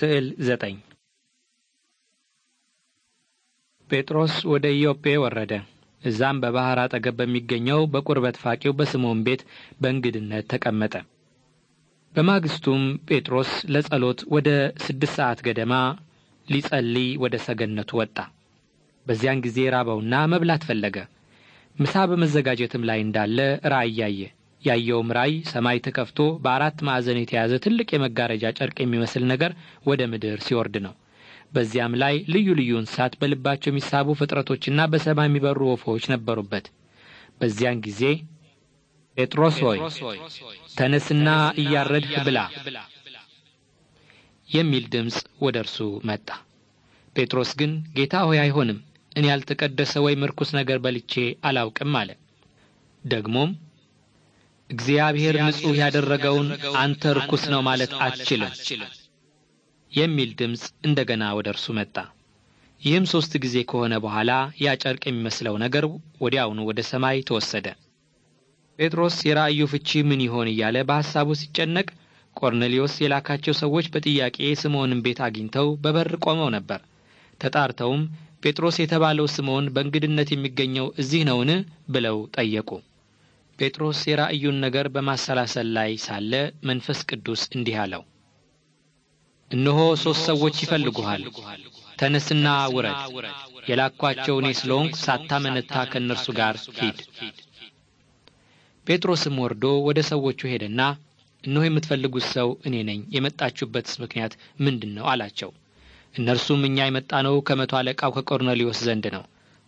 ስዕል ዘጠኝ ጴጥሮስ ወደ ኢዮጴ ወረደ። እዛም በባሕር አጠገብ በሚገኘው በቁርበት ፋቂው በስምዖን ቤት በእንግድነት ተቀመጠ። በማግስቱም ጴጥሮስ ለጸሎት ወደ ስድስት ሰዓት ገደማ ሊጸልይ ወደ ሰገነቱ ወጣ። በዚያን ጊዜ ራበውና መብላት ፈለገ። ምሳ በመዘጋጀትም ላይ እንዳለ ራእይ አየ። ያየውም ራእይ ሰማይ ተከፍቶ በአራት ማዕዘን የተያዘ ትልቅ የመጋረጃ ጨርቅ የሚመስል ነገር ወደ ምድር ሲወርድ ነው። በዚያም ላይ ልዩ ልዩ እንስሳት፣ በልባቸው የሚሳቡ ፍጥረቶችና በሰማይ የሚበሩ ወፎች ነበሩበት። በዚያን ጊዜ ጴጥሮስ ሆይ ተነስና እያረድህ ብላ የሚል ድምፅ ወደ እርሱ መጣ። ጴጥሮስ ግን ጌታ ሆይ አይሆንም፣ እኔ ያልተቀደሰ ወይም ርኩስ ነገር በልቼ አላውቅም አለ። ደግሞም እግዚአብሔር ንጹሕ ያደረገውን አንተ ርኩስ ነው ማለት አትችልም የሚል ድምፅ እንደገና ወደ እርሱ መጣ። ይህም ሦስት ጊዜ ከሆነ በኋላ ያ ጨርቅ የሚመስለው ነገር ወዲያውኑ ወደ ሰማይ ተወሰደ። ጴጥሮስ የራእዩ ፍቺ ምን ይሆን እያለ በሐሳቡ ሲጨነቅ ቆርኔሌዎስ የላካቸው ሰዎች በጥያቄ ስምዖንን ቤት አግኝተው በበር ቆመው ነበር። ተጣርተውም ጴጥሮስ የተባለው ስምዖን በእንግድነት የሚገኘው እዚህ ነውን? ብለው ጠየቁ። ጴጥሮስ የራእዩን ነገር በማሰላሰል ላይ ሳለ መንፈስ ቅዱስ እንዲህ አለው፣ እነሆ ሦስት ሰዎች ይፈልጉሃል። ተነስና ውረድ። የላኳቸው እኔ ስለሆንኩ ሳታመነታ ከእነርሱ ጋር ሂድ። ጴጥሮስም ወርዶ ወደ ሰዎቹ ሄደና እነሆ የምትፈልጉት ሰው እኔ ነኝ፣ የመጣችሁበትስ ምክንያት ምንድን ነው አላቸው። እነርሱም እኛ የመጣነው ከመቶ አለቃው ከቆርኔሊዮስ ዘንድ ነው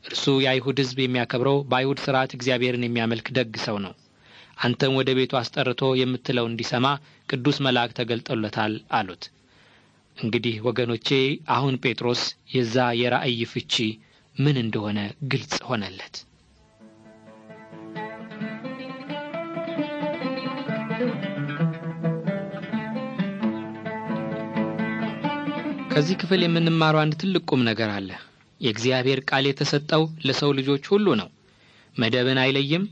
እርሱ የአይሁድ ሕዝብ የሚያከብረው በአይሁድ ሥርዓት እግዚአብሔርን የሚያመልክ ደግ ሰው ነው። አንተም ወደ ቤቱ አስጠርቶ የምትለው እንዲሰማ ቅዱስ መልአክ ተገልጦለታል አሉት። እንግዲህ ወገኖቼ አሁን ጴጥሮስ የዛ የራእይ ፍቺ ምን እንደሆነ ግልጽ ሆነለት። ከዚህ ክፍል የምንማረው አንድ ትልቅ ቁም ነገር አለ። የእግዚአብሔር ቃል የተሰጠው ለሰው ልጆች ሁሉ ነው። መደብን አይለይም፣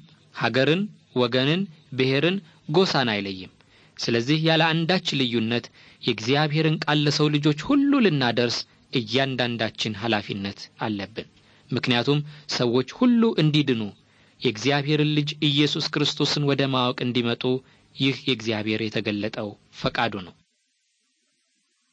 ሀገርን፣ ወገንን፣ ብሔርን፣ ጎሳን አይለይም። ስለዚህ ያለ አንዳች ልዩነት የእግዚአብሔርን ቃል ለሰው ልጆች ሁሉ ልናደርስ እያንዳንዳችን ኃላፊነት አለብን። ምክንያቱም ሰዎች ሁሉ እንዲድኑ የእግዚአብሔርን ልጅ ኢየሱስ ክርስቶስን ወደ ማወቅ እንዲመጡ ይህ የእግዚአብሔር የተገለጠው ፈቃዱ ነው።